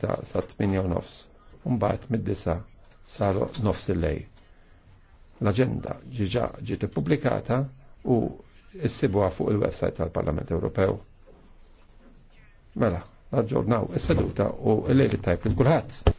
ta' sa' 8 nofs. Umbat mid-disa sa' nofs il-lej. L-agenda ġiġa ġiet publikata u issibuha fuq il-website tal-Parlament Ewropew. Mela, naġġornaw is-seduta u l-lejli tajb il-kulħadd.